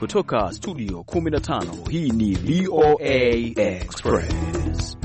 Kutoka studio 15 hii ni VOA Express.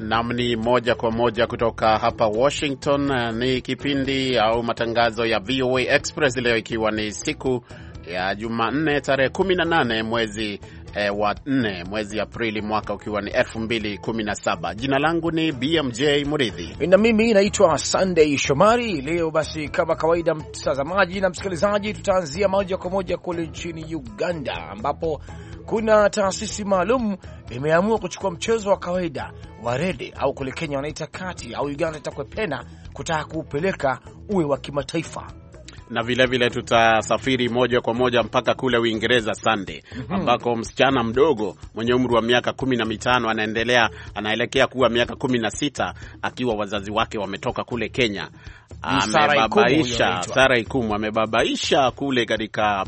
Nam ni moja kwa moja kutoka hapa Washington. Ni kipindi au matangazo ya VOA Express leo, ikiwa ni siku ya Jumanne tarehe 18 mwezi e, wa 4 mwezi Aprili mwaka ukiwa ni 2017. Jina langu ni BMJ Muridhi na mimi naitwa Sunday Shomari. Leo basi, kama kawaida, mtazamaji na msikilizaji, tutaanzia moja kwa moja kule nchini Uganda ambapo kuna taasisi maalum imeamua kuchukua mchezo wa kawaida wa rede au kule Kenya wanaita kati au Uganda itakwepena kutaka kuupeleka uwe wa kimataifa na vilevile tutasafiri moja kwa moja mpaka kule Uingereza Sunday, mm -hmm. ambako msichana mdogo mwenye umri wa miaka kumi na mitano anaendelea anaelekea kuwa miaka kumi na sita akiwa wazazi wake wametoka kule Kenya. Amebabaisha Sara Ikumu amebabaisha kule katika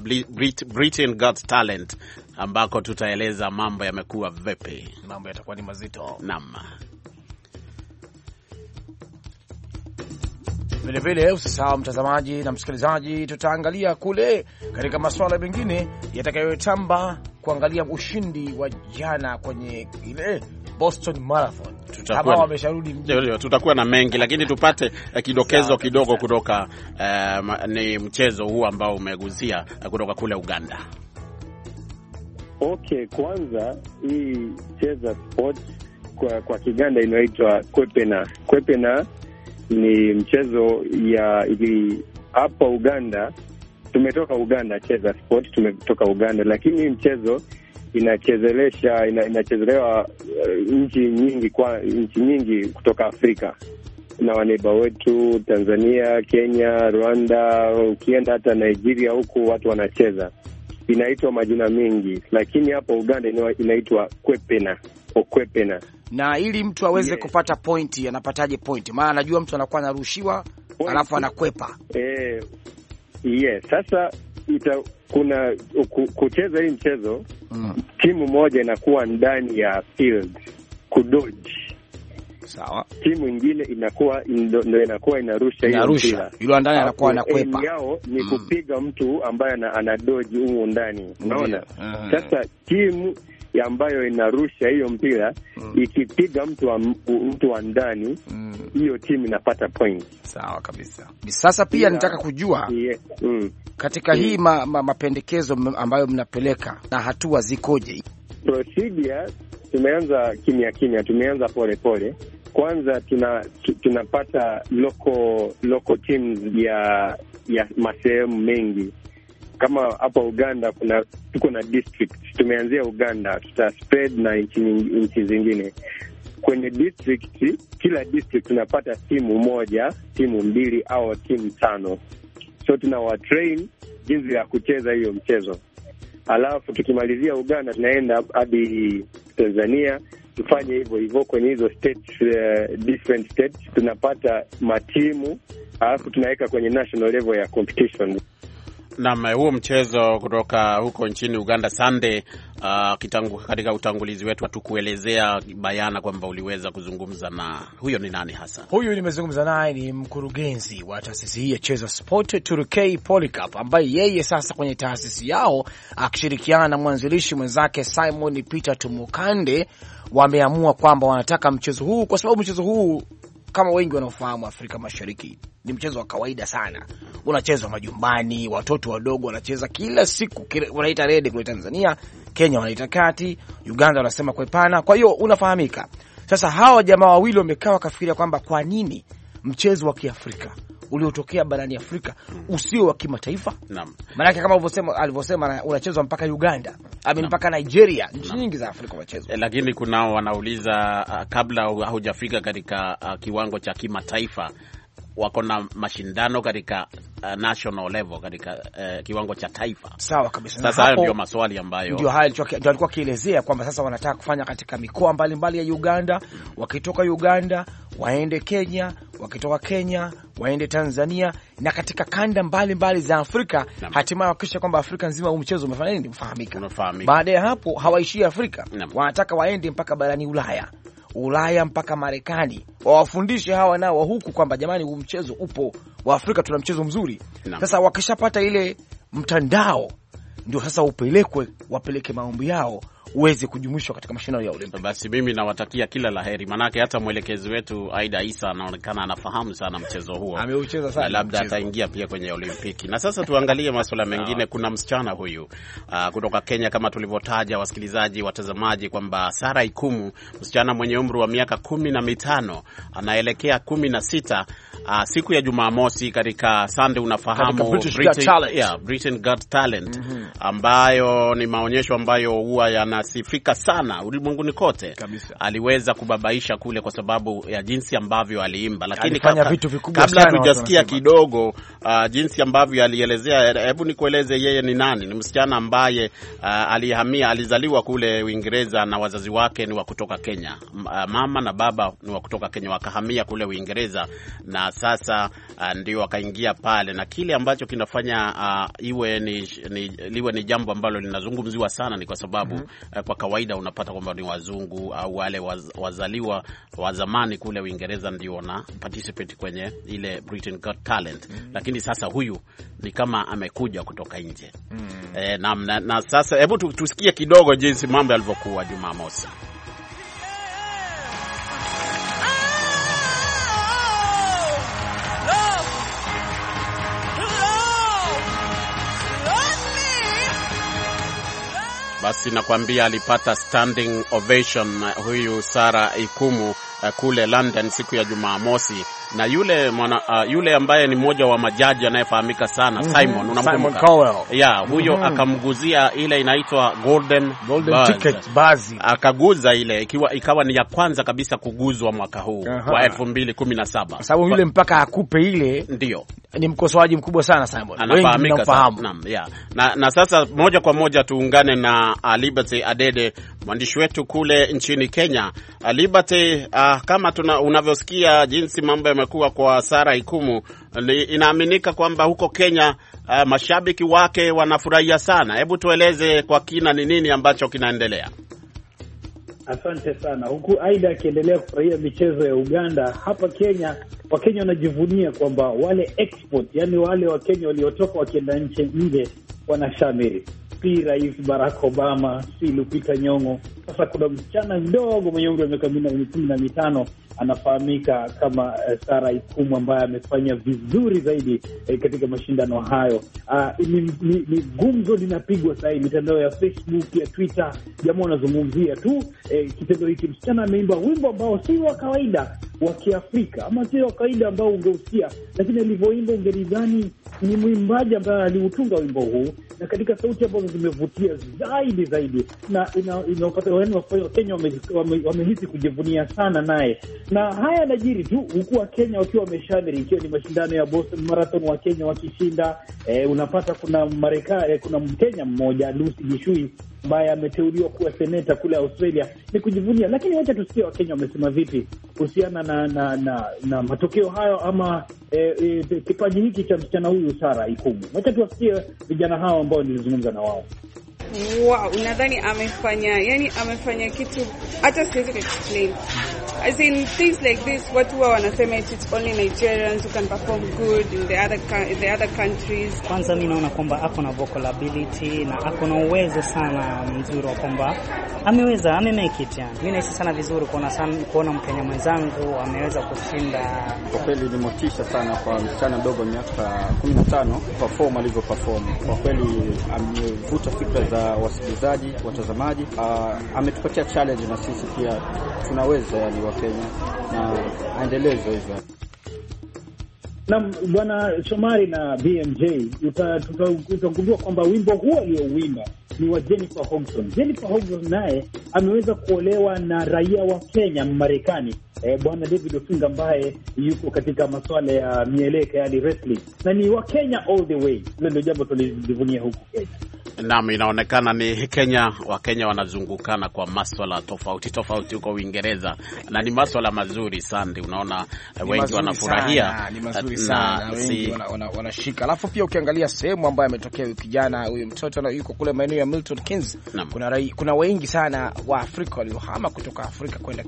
Britain Got Talent ambako tutaeleza mambo yamekuwa vipi, mambo yatakuwa ni mazito. Naam. Vilevile usisahau mtazamaji na msikilizaji, tutaangalia kule katika masuala mengine yatakayotamba, kuangalia ushindi wa jana kwenye ile Boston Marathon. Tutakuwa, tutakuwa na mengi lakini tupate eh, kidokezo kidogo kutoka eh, ni mchezo huu ambao umeguzia eh, kutoka kule Uganda. Okay, kwanza hii cheza sport kwa, kwa Kiganda inaitwa kwepena. Kwepena ni mchezo ya ili hapa Uganda tumetoka Uganda, Cheza Sport tumetoka Uganda, lakini mchezo inachezelesha ina, inachezelewa uh, nchi nyingi kwa nchi nyingi kutoka Afrika na waneiba wetu Tanzania, Kenya, Rwanda, ukienda hata Nigeria huku watu wanacheza, inaitwa majina mengi, lakini hapa Uganda inaitwa kwepena okwepena na ili mtu aweze yeah, kupata pointi, anapataje pointi? Maana anajua mtu anakuwa anarushiwa alafu anakwepa eh, yeah. Sasa ita, kuna kucheza hii mchezo mm, timu moja inakuwa ndani ya field kudoji Sawa, timu ingine inakuwa ndio inakuwa inarusha inarusha, yule ndani anakuwa anakwepa. yao ni mm. kupiga mtu ambaye anadoji huko ndani, unaona. Mm. Sasa timu ambayo inarusha hiyo mpira mm. ikipiga mtu wa mtu wa ndani mm. hiyo mm. timu inapata point. Sawa kabisa. Sasa pia yeah. nitaka kujua yeah. mm. katika mm. hii ma, ma, mapendekezo ambayo mnapeleka na hatua zikoje? Procedure tumeanza kimya kimya, tumeanza pole pole. Kwanza tuna tunapata local local teams ya ya masehemu mengi kama hapa Uganda kuna tuko na district, tumeanzia Uganda, tuta spread na nchi zingine kwenye district. Kila district tunapata timu moja, timu mbili au timu tano, so train jinsi ya kucheza hiyo mchezo, alafu tukimalizia Uganda tunaenda hadi Tanzania tufanye hivyo hivyo kwenye hizo uh, different states tunapata matimu alafu tunaweka kwenye national level ya competition. Naam, huo mchezo kutoka huko nchini Uganda Sunday. Uh, kitangu, katika utangulizi wetu hatukuelezea bayana kwamba uliweza kuzungumza na huyo. Ni nani hasa huyu? Nimezungumza naye ni mkurugenzi wa taasisi hii ya Cheza Sport Turkey Polycarp, ambaye yeye sasa kwenye taasisi yao akishirikiana na mwanzilishi mwenzake Simon Peter Tumukande wameamua kwamba wanataka mchezo huu, kwa sababu mchezo huu kama wengi wanaofahamu, Afrika Mashariki ni mchezo wa kawaida sana, unachezwa majumbani, watoto wadogo wanacheza kila siku. Wanaita rede kule Tanzania, Kenya wanaita kati, Uganda wanasema kwepana. Kwa hiyo unafahamika. Sasa hawa jamaa wawili wamekaa wakafikiria kwamba kwa nini mchezo wa Kiafrika uliotokea barani Afrika hmm. usio wa kimataifa naam. Maanake kama alivyosema unachezwa mpaka Uganda ami mpaka Nigeria, nchi nyingi za Afrika unachezwa, eh, lakini kunao wanauliza uh, kabla haujafika katika uh, kiwango cha kimataifa wako na mashindano katika uh, national level katika uh, kiwango cha taifa. Sawa kabisa. Sasa hayo ndio maswali ambayo ndio hayo ndio alikuwa akielezea kwamba sasa wanataka kufanya katika mikoa mbalimbali ya Uganda, wakitoka Uganda waende Kenya, wakitoka Kenya waende Tanzania na katika kanda mbalimbali mbali za Afrika, hatimaye wakisha kwamba Afrika nzima huu mchezo umefanya nini, umefahamika. Baada ya hapo hawaishii Afrika, wanataka waende mpaka barani Ulaya. Ulaya mpaka Marekani, wawafundishe hawa nao wa huku kwamba jamani, huu mchezo upo wa Afrika, tuna mchezo mzuri na. Sasa wakishapata ile mtandao ndio sasa upelekwe, wapeleke maombi yao uweze kujumuishwa katika mashindano ya Olimpiki. Basi mimi nawatakia kila laheri, manake hata mwelekezi wetu Aida Isa anaonekana anafahamu sana mchezo huo, ameucheza sana, labda ataingia pia kwenye Olimpiki. Na sasa tuangalie masuala mengine. Ah. Kuna msichana huyu uh, kutoka Kenya, kama tulivyotaja wasikilizaji, watazamaji, kwamba Sara Ikumu, msichana mwenye umri wa miaka kumi na mitano anaelekea kumi na sita uh, siku ya Jumamosi katika sande, unafahamu British British Got Talent. Yeah, Britain Got Talent, mm -hmm. ambayo ni maonyesho ambayo huwa ya anasifika sana ulimwenguni kote, aliweza kubabaisha kule kwa sababu ya jinsi ambavyo aliimba, lakini kabla, kabla tujasikia kidogo uh, jinsi ambavyo alielezea, hebu nikueleze yeye ni nani. Ni msichana ambaye uh, alihamia, alizaliwa kule Uingereza na wazazi wake ni wa kutoka Kenya, uh, mama na baba ni wa kutoka Kenya, wakahamia kule Uingereza na sasa uh, ndio akaingia pale, na kile ambacho kinafanya uh, iwe ni, ni, liwe ni jambo ambalo linazungumziwa sana ni kwa sababu mm -hmm. Eh, kwa kawaida unapata kwamba ni wazungu au wale waz, wazaliwa wa zamani kule Uingereza ndio wana participate kwenye ile Britain Got Talent mm. Lakini sasa huyu ni kama amekuja kutoka nje mm. E, eh, na, na, na sasa hebu tusikie kidogo jinsi mambo yalivyokuwa Jumamosi. basi nakwambia alipata standing ovation eh, huyu Sara Ikumu eh, kule London siku ya Jumamosi na yule mwana, uh, yule ambaye ni mmoja wa majaji anayefahamika sana mm -hmm. Simon unamkumbuka? Simon yeah, huyo mm -hmm. akamguzia ile inaitwa golden, golden buzz. Ticket, bazi Akaguza ile ikiwa ikawa ni ya kwanza kabisa kuguzwa mwaka huu wa 2017 sababu yule mpaka akupe ile ndio ni mkosoaji mkubwa sana Simon, anafahamika sana na, yeah. Na, na sasa moja kwa moja tuungane na uh, Liberty Adede mwandishi wetu kule nchini Kenya. Uh, Liberty, uh, kama tuna, unavyosikia jinsi mambo kumekuwa kwa sara ikumu. Inaaminika kwamba huko Kenya uh, mashabiki wake wanafurahia sana. Hebu tueleze kwa kina ni nini ambacho kinaendelea. Asante sana. Huku Aida akiendelea kufurahia michezo ya Uganda, hapa Kenya Wakenya wanajivunia kwamba wale export, yani wale Wakenya waliotoka wakienda nchi nje wanashamiri, si Rais Barack Obama, si Lupita Nyong'o. Sasa kuna msichana mdogo mwenye umri wa miaka kumi na mitano anafahamika kama eh, Sara Ikumu ambaye amefanya vizuri zaidi uh, katika mashindano hayo. Ah, ni, uh, gumzo linapigwa sahii mitandao ya Facebook ya Twitter, jamaa wanazungumzia tu uh, kitendo hiki. Msichana ameimba wimbo ambao si wa kawaida wa Kiafrika ama si wa kawaida ambao ungehusia lakini alivyoimba ungelidhani ni mwimbaji ambaye aliutunga wimbo huu na katika sauti ambazo zimevutia zaidi zaidi, na Wakenya wamehisi kujivunia sana naye, na haya yanajiri tu huku Wakenya wakiwa wameshamiri, ikiwa ni mashindano ya Boston Marathon, Kenya wakishinda. Eh, unapata kuna Marekani, eh, kuna Mkenya mmoja Lucy Gishui ambaye ameteuliwa kuwa seneta kule Australia ni kujivunia, lakini wacha tusikia Wakenya wamesema vipi kuhusiana na na, na na matokeo hayo ama eh, eh, kipaji hiki cha msichana huyu Sara Ikumu. Wacha tuwasikie vijana hao ambao nilizungumza na wao. Wow, nadhani amefanya yani amefanya kitu hata siwezi kuexplain As in things like this, watu huwa wanasema it's only Nigerians who can perform good in the other in the other countries. Kwanza mimi naona kwamba ako na vocal ability na ako na uwezo sana mzuri wa kwamba ameweza ame make it yani. Mimi nahisi sana vizuri kuona sana kuona Mkenya mwenzangu ameweza kushinda. Kwa kweli ni motisha sana kwa msichana mdogo miaka 15 perform alivyo perform. Kwa kweli amevuta fikra za wasikilizaji, watazamaji. Uh, ametupatia challenge na sisi pia tunaweza yani Kenya na aendelee hivyo Nam Bwana Shomari na BMJ, utagundua kwamba wimbo huo aliyowimba ni wa Jennifer Hobson. Jennifer Hobson naye ameweza kuolewa na raia wa Kenya Marekani, e, Bwana David Ofinga ambaye yuko katika masuala ya mieleka, yani wrestling, na ni wa Kenya all the way. Hilo ndio jambo tulijivunia huku Kenya. Naam, inaonekana ni Kenya, Wakenya wanazungukana kwa maswala tofauti tofauti huko Uingereza, na ni maswala mazuri sandi. Unaona wengi wanafurahia wanashika. Alafu pia ukiangalia sehemu ambayo ametokea huyu kijana huyu mtoto na yuko kule maeneo ya Milton Keynes, kuna rai, kuna wengi sana wa Afrika waliohama kutoka Afrika kwenda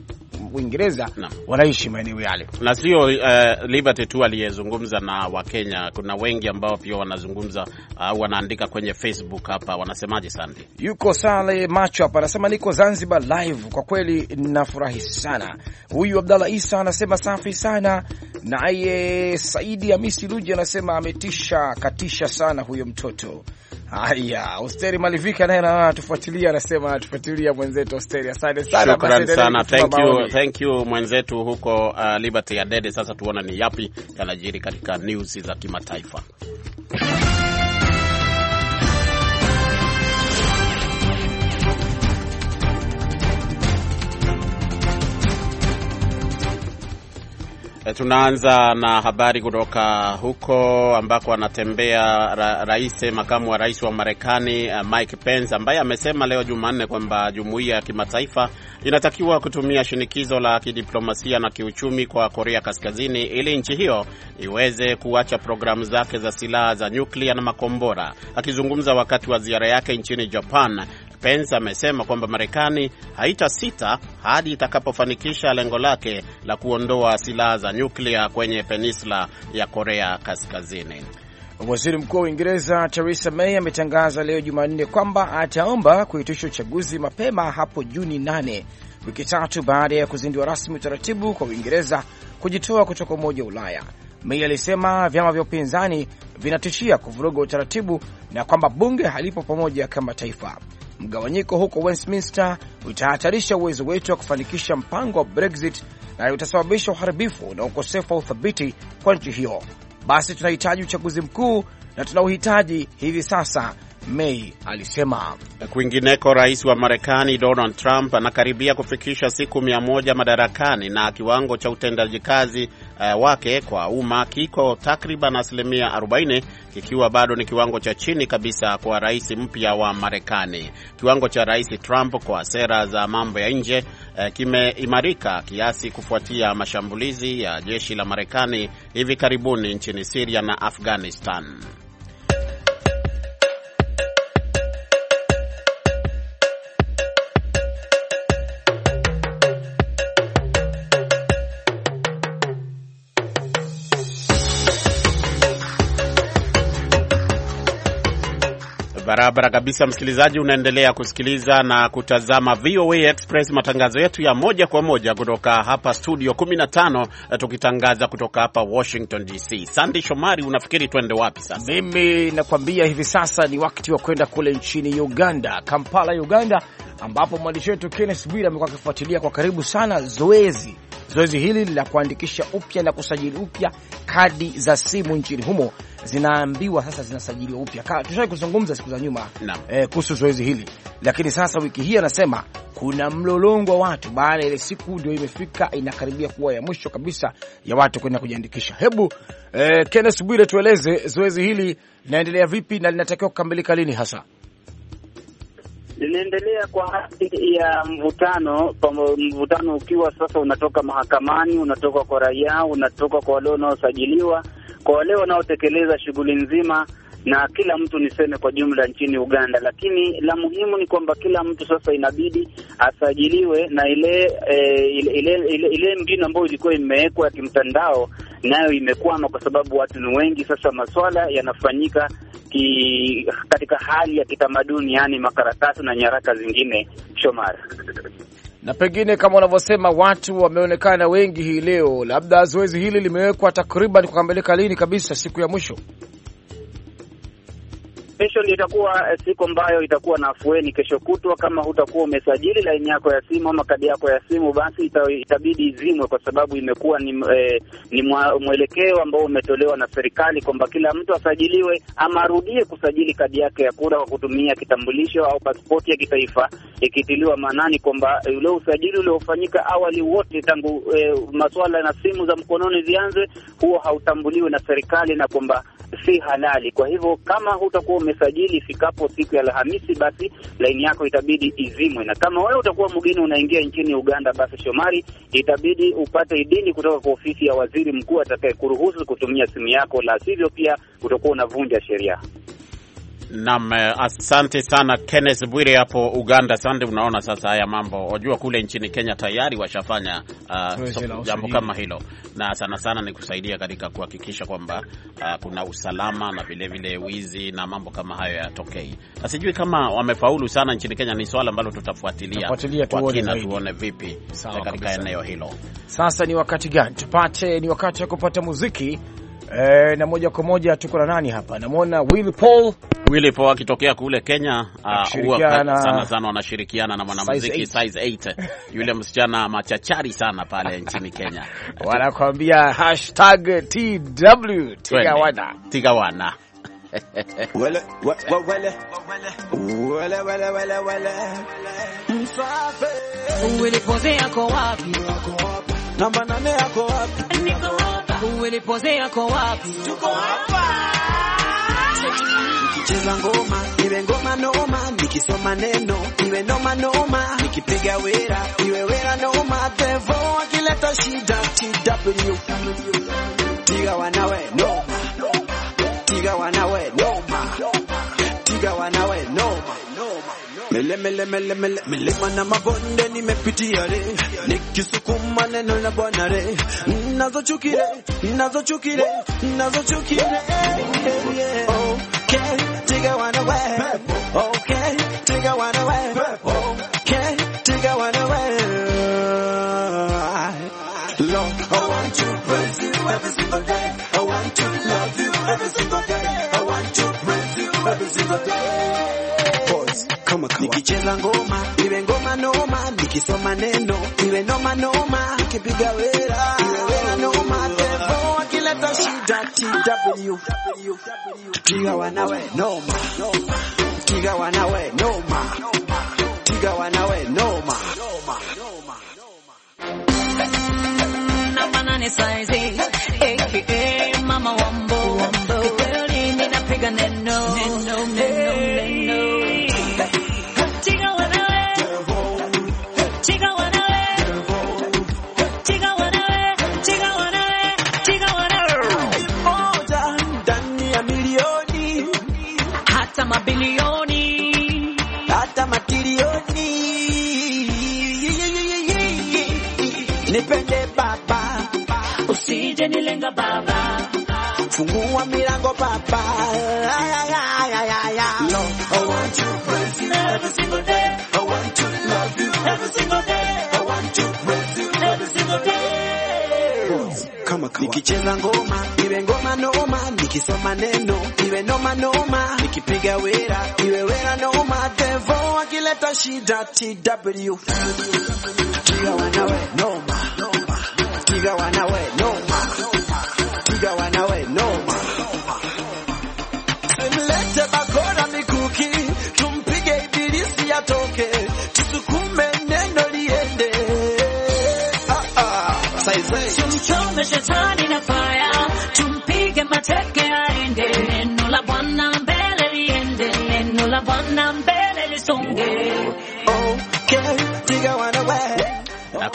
Uingereza wanaishi maeneo yale, na sio uh, Liberty tu aliyezungumza na Wakenya, kuna wengi ambao pia wanazungumza au uh, wanaandika kwenye Facebook hapa hapa wanasemaje? Sandi yuko Sale Macho hapa anasema niko Zanzibar live, kwa kweli nafurahi sana. Huyu Abdallah Isa anasema safi sana. Naye Saidi Hamisi Luji anasema ametisha katisha sana huyo mtoto. Haya, Osteri Malivika naye naona anatufuatilia, anasema anatufuatilia mwenzetu Osteri. Asante sana, shukran sana, thank you, thank you mwenzetu huko uh, Liberty ya Dede. Sasa tuona ni yapi yanajiri katika news za kimataifa. E, tunaanza na habari kutoka huko ambako anatembea ra rais makamu wa rais wa Marekani eh, Mike Pence ambaye amesema leo Jumanne kwamba jumuiya ya kimataifa inatakiwa kutumia shinikizo la kidiplomasia na kiuchumi kwa Korea Kaskazini ili nchi hiyo iweze kuacha programu zake za silaha za nyuklia na makombora. Akizungumza wakati wa ziara yake nchini Japan, Pence amesema kwamba Marekani haitasita hadi itakapofanikisha lengo lake la kuondoa silaha za nyuklia kwenye peninsula ya Korea Kaskazini. Waziri Mkuu wa Uingereza Theresa May ametangaza leo Jumanne kwamba ataomba kuitisha uchaguzi mapema hapo Juni 8, wiki tatu baada ya kuzindua rasmi utaratibu kwa Uingereza kujitoa kutoka Umoja wa Ulaya. May alisema vyama vya upinzani vinatishia kuvuruga utaratibu na kwamba bunge halipo pamoja kama taifa mgawanyiko huko Westminster utahatarisha uwezo wetu wa kufanikisha mpango wa Brexit na utasababisha uharibifu na ukosefu wa uthabiti kwa nchi hiyo. Basi tunahitaji uchaguzi mkuu na tunauhitaji hivi sasa, Mei alisema. Kwingineko, rais wa Marekani Donald Trump anakaribia kufikisha siku mia moja madarakani na kiwango cha utendaji kazi uh, wake kwa umma kiko takriban asilimia 40 kikiwa bado ni kiwango cha chini kabisa kwa rais mpya wa Marekani. Kiwango cha rais Trump kwa sera za mambo ya nje uh, kimeimarika kiasi kufuatia mashambulizi ya jeshi la Marekani hivi karibuni nchini Siria na Afghanistan. Barabara kabisa, msikilizaji, unaendelea kusikiliza na kutazama VOA Express, matangazo yetu ya moja kwa moja kutoka hapa studio 15, eh, tukitangaza kutoka hapa Washington DC. Sandi Shomari, unafikiri twende wapi sasa? Mimi nakwambia hivi sasa ni wakati wa kwenda kule nchini Uganda, Kampala, Uganda, ambapo mwandishi wetu Kenneth Bwira amekuwa akifuatilia kwa karibu sana zoezi Zoezi hili la kuandikisha upya na kusajili upya kadi za simu nchini humo zinaambiwa sasa zinasajiliwa upya. Tushawai kuzungumza siku za nyuma eh, kuhusu zoezi hili, lakini sasa wiki hii anasema kuna mlolongo wa watu baada ile siku ndio imefika, inakaribia kuwa ya mwisho kabisa ya watu kwenda kujiandikisha. Hebu eh, Kenneth Bwire, tueleze zoezi hili linaendelea vipi na linatakiwa kukamilika lini hasa? linaendelea kwa hali ya mvutano, mvutano ukiwa sasa unatoka mahakamani, unatoka kwa raia, unatoka kwa wale wanaosajiliwa, kwa wale wanaotekeleza shughuli nzima na kila mtu niseme kwa jumla nchini Uganda, lakini la muhimu ni kwamba kila mtu sasa inabidi asajiliwe na ile e, ile, ile, ile, ile mbinu ambayo ilikuwa imewekwa ya kimtandao nayo imekwama, kwa sababu watu ni wengi. Sasa maswala yanafanyika ki, katika hali ya kitamaduni, yaani makaratasi na nyaraka zingine, Shomari na pengine kama unavyosema watu wameonekana wengi hii leo, labda zoezi hili limewekwa takriban kukamilika lini kabisa, siku ya mwisho Kesho ndio itakuwa eh, siku ambayo itakuwa na afueni. Kesho kutwa, kama hutakuwa umesajili laini yako ya simu ama kadi yako ya simu, basi itabidi izimwe, kwa sababu imekuwa ni, eh, ni mwelekeo ambao umetolewa na serikali kwamba kila mtu asajiliwe ama arudie kusajili kadi yake ya kura kwa kutumia kitambulisho au pasipoti ya kitaifa, ikitiliwa maanani kwamba ule usajili uliofanyika awali wote tangu eh, masuala na simu za mkononi zianze, huo hautambuliwi na serikali na kwamba si halali. Kwa hivyo kama hutakuwa umesajili ifikapo siku ya Alhamisi, basi laini yako itabidi izimwe, na kama wewe utakuwa mgeni unaingia nchini Uganda, basi Shomari, itabidi upate idini kutoka kwa ofisi ya waziri mkuu atakaye kuruhusu kutumia simu yako, la sivyo pia utakuwa unavunja sheria. Naam, eh, asante sana Kenneth Bwire hapo Uganda. Sande, unaona sasa haya mambo, wajua kule nchini Kenya tayari washafanya uh, so, jambo kama hilo, na sana sana ni kusaidia katika kuhakikisha kwamba uh, kuna usalama na vilevile wizi na mambo kama hayo yatokei. Na ah, sijui kama wamefaulu sana nchini Kenya, ni swala ambalo tutafuatilia kwa kina, tuone vipi eh, katika eneo hilo. Sasa ni wakati gani tupate, ni wakati wa kupata muziki E, na moja kwa moja tuko na nani hapa? Namwona Willy Paul. Willy Paul akitokea kule Kenya, huwa uh, sana sana wanashirikiana na mwanamuziki Size 8 yule msichana machachari sana pale nchini Kenya wanakuambia hashtag TW Tigawana, Tigawana. wale, wale, wale, wale, wale, wale. Msafi. Willy Paul yako wapi? namba nane yako wapi? Niko hapa. Umenipoze yako wapi? Tuko hapa. Nikicheza ngoma iwe ngoma noma, nikisoma neno iwe noma noma, nikipiga wera iwe wera noma, Devo akileta shida TW piga wanawe noma Mele mele mele mele mele mana mabonde nimepitia re nikisukuma neno la Bwana re okay take I wanna away okay take I one away okay take I one away I want to praise you every single day I want to love you every single day I want to praise you every single day kama kawa. Nikicheza ngoma iwe ngoma noma, nikisoma neno iwe noma noma, nikipiga wera iwe wera noma, pepo akileta shida TW tiga wanawe noma, tiga wanawe noma, tiga wanawe noma, nafanane saizi eh, eh, eh, mama wambo, wambo. Kweli ninapiga neno neno neno Chenilenga baba. Fungua milango papa. I want you praise you every single day. I want to love you every single day. I want you praise you every single day. Kama kawa. Nikicheza ngoma, iwe ngoma noma, nikisoma neno, iwe noma noma, nikipiga wera, iwe wera noma, devo akileta shida TW. Kiga wanawe noma. noma. Kigawa nawe noma, Kigawa nawe noma. Mlete bakora mikuki, tumpige ibilisi atoke, tusukume neno liende. Ah ah, say say. tumchome shetani na fire, tumpige mateke aende, neno la Bwana mbele liende, neno la Bwana mbele lisonge.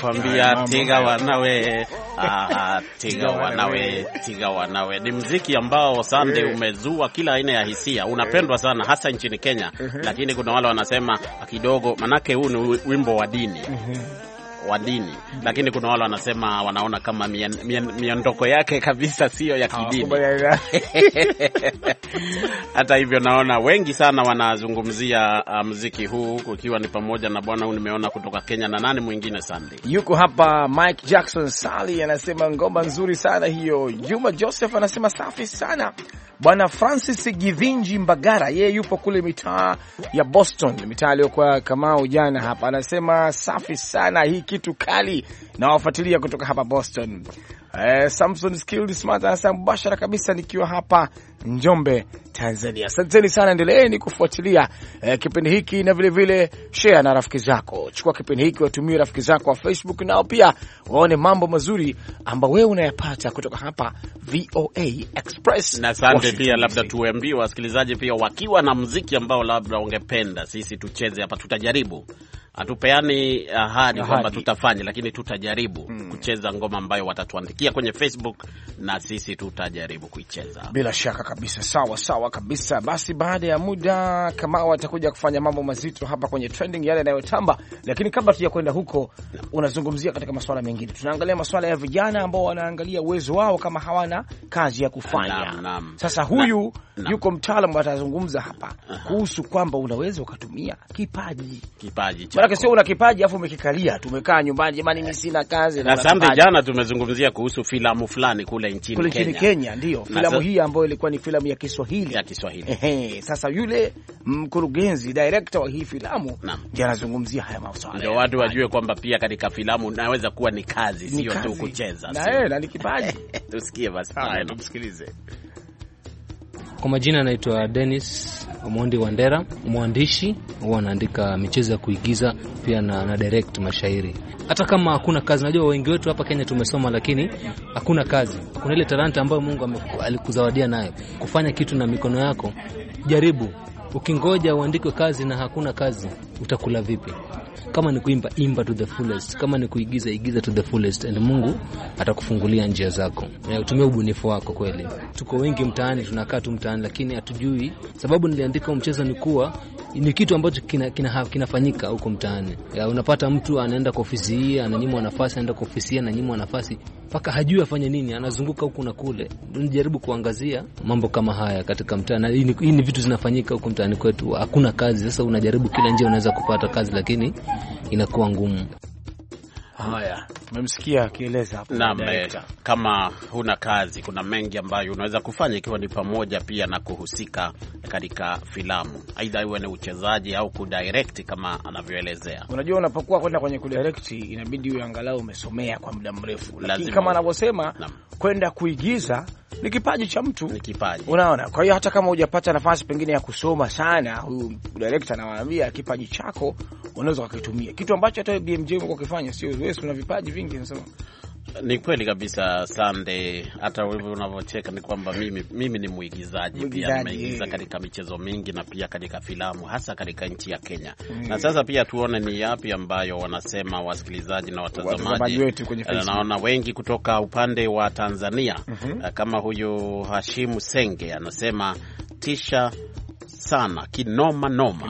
anakwambia ah, ah, tiga wanawe, aha, tiga wanawe, tiga wanawe. Ni mziki ambao sande eh. umezua kila aina ya hisia, unapendwa eh. sana hasa nchini Kenya, eh. lakini kuna wale wanasema ah, kidogo, manake huu ni wimbo wa dini mhm wa dini Lakini kuna wale wanasema wanaona kama miondoko yake kabisa siyo ya ah, kidini hata hivyo, naona wengi sana wanazungumzia uh, mziki huu, ukiwa ni pamoja na bwana huu nimeona kutoka Kenya na nani mwingine Sandy yuko hapa, Mike Jackson Sally anasema ngoma nzuri sana hiyo. Juma Joseph anasema safi sana Bwana Francis Givinji Mbagara, yeye yupo kule mitaa ya Boston, mitaa aliyokuwa Kamau jana hapa, anasema safi sana hii kitu kali, nawafuatilia kutoka hapa Boston eh, Samson Skilled Smart anasema mubashara kabisa nikiwa hapa Njombe, Tanzania. Asanteni sana, endeleeni kufuatilia eh, kipindi hiki na vile vile share na rafiki zako. Chukua kipindi hiki, watumie rafiki zako wa Facebook nao pia waone mambo mazuri ambayo wewe unayapata kutoka hapa VOA Express. Na asante pia, labda tuambie wasikilizaji pia wakiwa na mziki ambao labda ungependa sisi tucheze hapa, tutajaribu hatupeani uh, ahadi kwamba tutafanya, lakini tutajaribu hmm, kucheza ngoma ambayo watatuandikia kwenye Facebook na sisi tutajaribu kuicheza bila shaka kabisa. Sawa sawa kabisa. Basi baada ya muda kama watakuja kufanya mambo mazito hapa kwenye trending, yale yanayotamba. Lakini kabla tuja kwenda huko, unazungumzia katika masuala mengine, tunaangalia masuala ya vijana ambao wanaangalia uwezo wao kama hawana kazi ya kufanya. Nam, nam. Sasa huyu nam, yuko mtaalamu atazungumza hapa kuhusu kwamba unaweza ukatumia kipaji kipaji cha maanake sio una kipaji afu umekikalia. Tumekaa nyumbani jamani, mimi sina kazi na sande. Jana tumezungumzia kuhusu filamu fulani kule nchini kule Kenya, Kenya ndio filamu hii ambayo ilikuwa ni filamu ya Kiswahili ya Kiswahili. Ehe, sasa yule mkurugenzi director wa hii filamu ndiye anazungumzia haya masuala, ndio watu wajue kwamba pia katika filamu naweza kuwa ni kazi, sio tu kucheza na, na ni kipaji. Tusikie basi, tumsikilize. Kwa majina anaitwa Dennis Omondi Wandera, mwandishi huwa anaandika michezo ya kuigiza pia na, na direct mashairi. Hata kama hakuna kazi, najua wengi wetu hapa Kenya tumesoma, lakini hakuna kazi. Kuna ile talanta ambayo Mungu alikuzawadia nayo, kufanya kitu na mikono yako. Jaribu, ukingoja uandikwe kazi na hakuna kazi, utakula vipi? Kama ni kuimba, imba to the fullest. Kama ni kuigiza, igiza to the fullest, and Mungu atakufungulia njia zako. Utumie ubunifu wako kweli. Tuko wengi mtaani, tunakaa tu mtaani, lakini hatujui sababu. Niliandika mchezo ni kuwa ni kitu ambacho kinafanyika kina, kina huko mtaani. Unapata mtu anaenda kwa ofisi hii, ananyimwa nafasi, anaenda kwa ofisi hii, ananyimwa nafasi mpaka hajui afanye nini, anazunguka huku na kule. Tunajaribu kuangazia mambo kama haya katika mtaa, na hii ni vitu zinafanyika huko mtaani kwetu. Hakuna kazi, sasa unajaribu kila njia unaweza kupata kazi, lakini inakuwa ngumu. Haya, umemsikia akieleza hapo. Naam, eh, kama huna kazi, kuna mengi ambayo unaweza kufanya, ikiwa ni pamoja pia na kuhusika katika filamu, aidha iwe ni uchezaji au kudirect kama anavyoelezea. Unajua, unapokuwa kwenda kwenye kudirect inabidi uwe angalau umesomea kwa muda mrefu, lakini kama anavyosema kwenda kuigiza ni kipaji cha mtu, ni kipaji, unaona. Kwa hiyo hata kama hujapata nafasi pengine ya kusoma sana, huyu director anawaambia kipaji chako unaweza kukitumia, kitu ambacho hata BMJ umekuwa ukifanya. Sio wewe, una vipaji vingi, nasema ni kweli kabisa Sande, hata wewe unavyocheka ni kwamba mimi, mimi ni mwigizaji pia, nimeigiza eh. katika michezo mingi na pia katika filamu, hasa katika nchi ya Kenya mm. Na sasa pia tuone ni yapi ambayo wanasema wasikilizaji na watazamaji. Eh, naona wengi kutoka upande wa Tanzania mm -hmm. Kama huyu Hashimu Senge anasema tisha sana kinoma noma,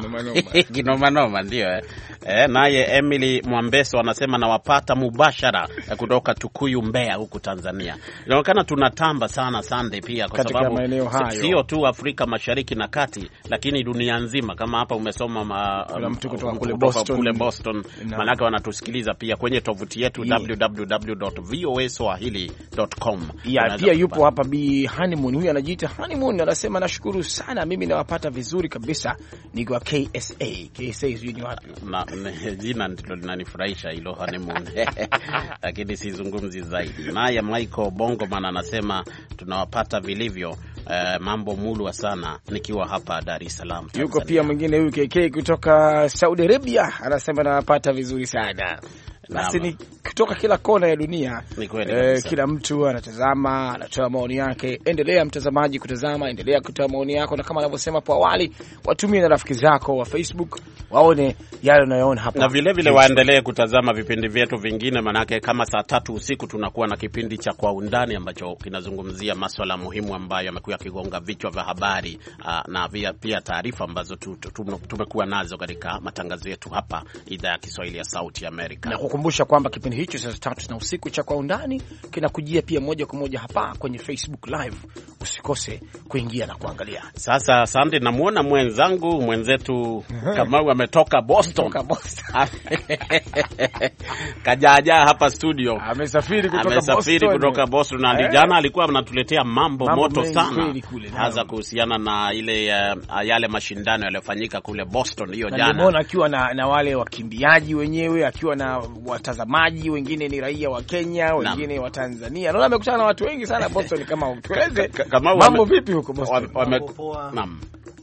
kinoma noma, ndio eh. Eh, naye Emily Mwambeso anasema nawapata mubashara kutoka Tukuyu, Mbeya huku Tanzania. Inaonekana tunatamba sana Sunday pia kwa katika sababu sio tu Afrika Mashariki na Kati, lakini dunia nzima. Kama hapa umesoma ma, um, mtu kutoka kule Boston, kule Boston no. Manake wanatusikiliza pia kwenye tovuti yetu yeah. www.voaswahili.com yeah, pia yupo hapa Bi Honeymoon, huyu anajiita Honeymoon, anasema nashukuru sana mimi nawapata vizuri kabisa, ni kwa KSA. KSA sijui ni wapi, jina ndilo linanifurahisha hilo honeymoon lakini sizungumzi zaidi. Naye Michael Bongoman anasema tunawapata vilivyo, Uh, mambo mulwa sana nikiwa hapa Dar es Salaam. Yuko pia mwingine huyu KK kutoka Saudi Arabia anasema nawapata vizuri sana basi ni kutoka kila kona ya dunia. Eh, kila mtu anatazama, anatoa maoni yake. Endelea mtazamaji kutazama, endelea kutoa maoni yako, na kama anavyosema hapo awali, watumie na rafiki zako wa Facebook waone yale unayoona hapa, na vile vile waendelee kutazama vipindi vyetu vingine, manake kama saa tatu usiku tunakuwa na kipindi cha Kwa Undani ambacho kinazungumzia maswala muhimu ambayo yamekuwa yakigonga vichwa vya habari ah, na pia taarifa ambazo tumekuwa nazo katika matangazo yetu hapa idhaa ya Kiswahili ya Sauti Amerika, na kukumbusha kwamba kipindi hicho saa tatu na usiku cha Kwa Undani kinakujia pia moja kwa moja hapa kwenye Facebook Live, usikose kuingia na kuangalia. Sasa asante, namwona mwenzangu mwenzetu Kamau ametoka Boston, Boston. hapa studio, amesafiri kutoka, amesafiri kutoka Boston na eh. jana alikuwa anatuletea mambo, mambo moto sana hasa kuhusiana na ile eh, yale mashindano yaliyofanyika kule Boston hiyo jana. Nimeona akiwa na, na wale wakimbiaji wenyewe akiwa na watazamaji wengine ni raia wa Kenya wengine wa Tanzania. Naona amekutana na watu wengi sana Boston. Kama mambo vipi huko Boston?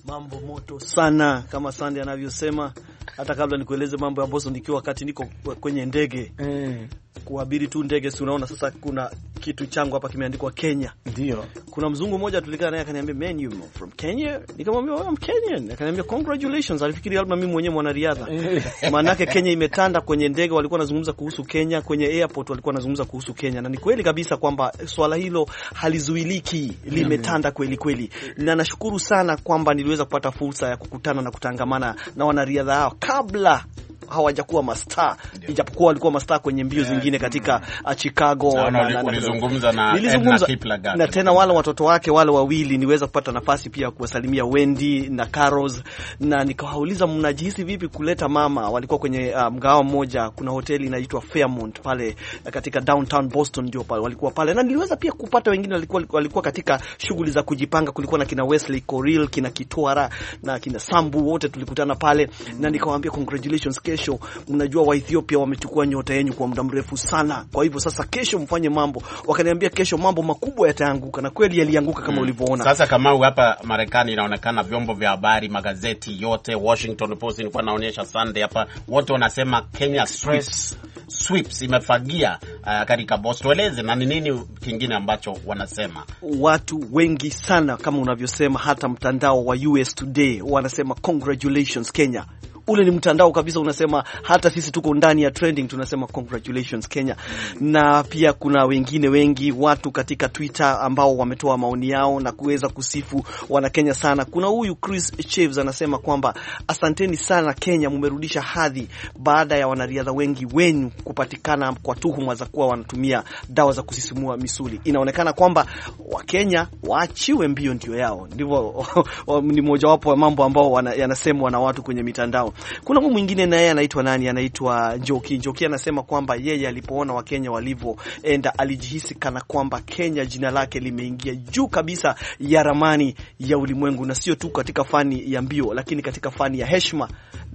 Mambo moto sana kama Sande anavyosema. Hata kabla nikueleze mambo ya Boston, nikiwa wakati niko kwenye ndege mm kuabiri tu ndege, si unaona sasa. Kuna kitu changu hapa kimeandikwa Kenya, ndio. Kuna mzungu mmoja tulikaa naye akaniambia, man you from Kenya, nikamwambia oh, I'm Kenyan. Akaniambia congratulations, alifikiri labda mimi mwenyewe mwanariadha maana yake Kenya imetanda. Kwenye ndege walikuwa wanazungumza kuhusu Kenya, kwenye airport walikuwa wanazungumza kuhusu Kenya, na ni kweli kabisa kwamba swala hilo halizuiliki, limetanda kweli kweli, na nashukuru sana kwamba niliweza kupata fursa ya kukutana na kutangamana na wanariadha hao kabla hawajakuwa mastaa yeah. Ijapokuwa walikuwa mastaa kwenye mbio yeah, zingine katika mm. Uh, Chicago na, na, na, nilizungumza na, na, na, na tena wale watoto wake wale wawili niweza kupata nafasi pia kuwasalimia Wendy na Carlos, na nikawauliza mnajihisi vipi kuleta mama. Walikuwa kwenye uh, mgahawa mmoja, kuna hoteli inaitwa Fairmont pale uh, katika downtown Boston, ndio pale walikuwa pale, na niliweza pia kupata wengine walikuwa, walikuwa katika shughuli za kujipanga. Kulikuwa na kina Wesley Coril, kina Kitwara na kina Sambu, wote tulikutana pale mm. na nikawaambia congratulations kesho, mnajua Waethiopia wamechukua nyota yenyu kwa muda mrefu sana, kwa hivyo sasa kesho mfanye mambo. Wakaniambia kesho mambo makubwa yataanguka, na kweli yalianguka kama mm, ulivyoona. Sasa Kamau, hapa Marekani inaonekana vyombo vya habari, magazeti yote, Washington Post ilikuwa naonyesha Sunday hapa, wote wanasema Kenya Express sweeps imefagia uh, katika Boss. na ni nini kingine ambacho wanasema watu wengi sana, kama unavyosema, hata mtandao wa US Today wanasema congratulations Kenya ule ni mtandao kabisa, unasema hata sisi tuko ndani ya trending, tunasema congratulations Kenya. Na pia kuna wengine wengi watu katika Twitter ambao wametoa maoni yao na kuweza kusifu Wanakenya sana. Kuna huyu Chris Chaves anasema kwamba asanteni sana Kenya, mumerudisha hadhi baada ya wanariadha wengi wenyu kupatikana kwa tuhuma za kuwa wanatumia dawa za kusisimua misuli. Inaonekana kwamba Wakenya waachiwe mbio ndio yao, ndivyo ni mojawapo wa mambo ambao yanasemwa na watu kwenye mitandao. Kuna huyu mwingine naye anaitwa nani? Anaitwa Njoki. Njoki anasema kwamba yeye alipoona Wakenya walivyoenda alijihisi kana kwamba Kenya jina lake limeingia juu kabisa ya ramani ya ulimwengu, na sio tu katika fani ya mbio, lakini katika fani ya heshima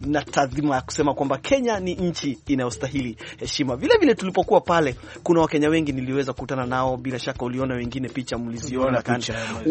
na taadhima ya kusema kwamba Kenya ni nchi inayostahili heshima. Vilevile tulipokuwa pale, kuna Wakenya wengi niliweza kukutana nao, bila shaka uliona wengine picha mliziona,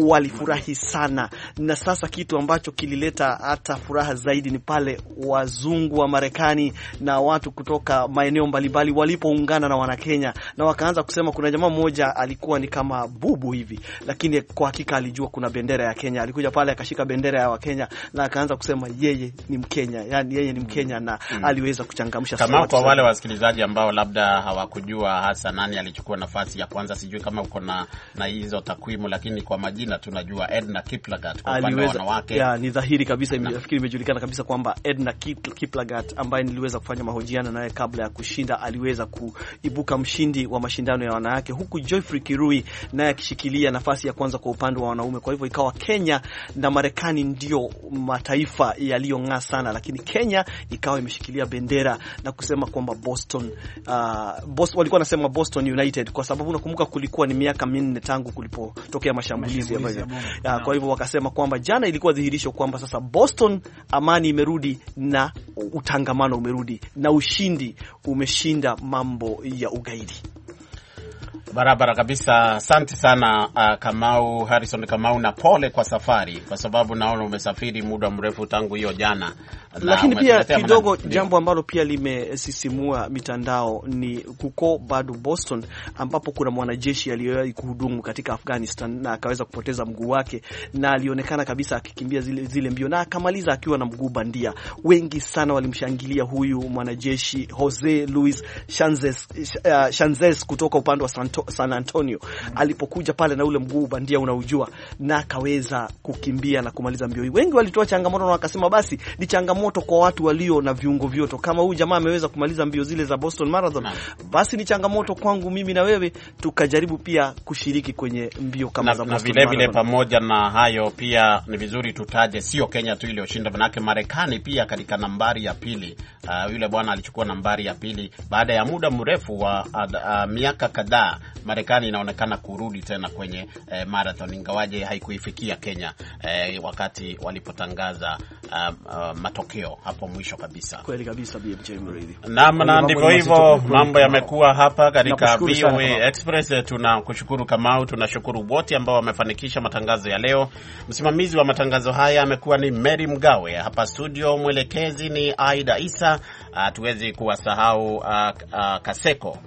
walifurahi sana. Na sasa kitu ambacho kilileta hata furaha zaidi ni pale wazungu wa Marekani na watu kutoka maeneo mbalimbali walipoungana na Wanakenya na wakaanza kusema. Kuna jamaa mmoja alikuwa ni kama bubu hivi, lakini kwa hakika alijua kuna bendera ya Kenya. Alikuja pale akashika bendera ya Wakenya na akaanza kusema yeye ni Mkenya yani, Marekani, yeye ni mm-hmm. Mkenya na mm. aliweza kuchangamsha kama. Kwa wale wasikilizaji ambao labda hawakujua hasa nani alichukua nafasi ya kwanza, sijui kama uko na na hizo takwimu, lakini kwa majina tunajua Edna Kiplagat kwa upande wa wanawake. Ya, ni dhahiri kabisa, nafikiri imejulikana kabisa kwamba Edna Kiplagat ambaye niliweza kufanya mahojiano naye kabla ya kushinda, aliweza kuibuka mshindi wa mashindano ya wanawake, huku Geoffrey Kirui naye akishikilia nafasi ya kwanza kwa upande wa wanaume. Kwa hivyo ikawa Kenya na Marekani ndio mataifa yaliyong'aa sana, lakini Kenya ikawa imeshikilia bendera na kusema kwamba Boston, uh, Boston walikuwa nasema Boston United kwa sababu unakumbuka kulikuwa ni miaka minne tangu kulipotokea mashambulizi ya uh, kwa hivyo wakasema kwamba jana ilikuwa dhihirisho kwamba sasa Boston amani imerudi na utangamano umerudi na ushindi umeshinda mambo ya ugaidi. Barabara kabisa. Asante sana uh, Kamau Harrison Kamau, na pole kwa safari, kwa sababu naona umesafiri muda mrefu tangu hiyo jana, lakini pia kidogo mna... jambo ambalo pia limesisimua mitandao ni kuko bado Boston, ambapo kuna mwanajeshi aliyewahi kuhudumu katika Afghanistan na akaweza kupoteza mguu wake, na alionekana kabisa akikimbia zile, zile mbio na akamaliza akiwa na mguu bandia. Wengi sana walimshangilia huyu mwanajeshi Jose Luis Shanzes, uh, Shanzes kutoka upande wa Santo San Antonio alipokuja pale na ule mguu bandia unaujua, na akaweza kukimbia na kumaliza mbio hii. Wengi walitoa changamoto na wakasema basi ni changamoto kwa watu walio na viungo vyoto. Kama huyu jamaa ameweza kumaliza mbio zile za Boston Marathon, basi ni changamoto kwangu mimi na wewe, tukajaribu pia kushiriki kwenye mbio kama za Boston Vile vile, pamoja na hayo, pia ni vizuri tutaje, sio Kenya tu iliyoshinda, manake Marekani pia katika nambari ya pili. Uh, yule bwana alichukua nambari ya pili baada ya muda mrefu wa uh, uh, miaka kadhaa Marekani inaonekana kurudi tena kwenye eh, marathon ingawaje haikuifikia Kenya eh, wakati walipotangaza uh, uh, matokeo hapo mwisho kabisa. Kweli kabisa BMJ Mridhi. Naam, na ndivyo hivyo mambo yamekuwa hapa katika VOA Express. Tunakushukuru Kamau, tunashukuru wote ambao wamefanikisha matangazo ya leo. Msimamizi wa matangazo haya amekuwa ni Mary Mgawe, hapa studio mwelekezi ni Aida Isa, hatuwezi kuwasahau uh, uh, Kaseko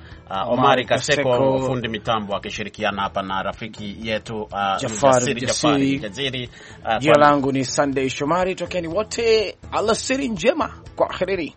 uh, Omari Kaseko fundi mitambo akishirikiana hapa na rafiki yetu uh, Jafari Jafari Jaziri. Uh, Jina langu ni Sunday Shomari, tokeni wote alasiri njema, kwaherini.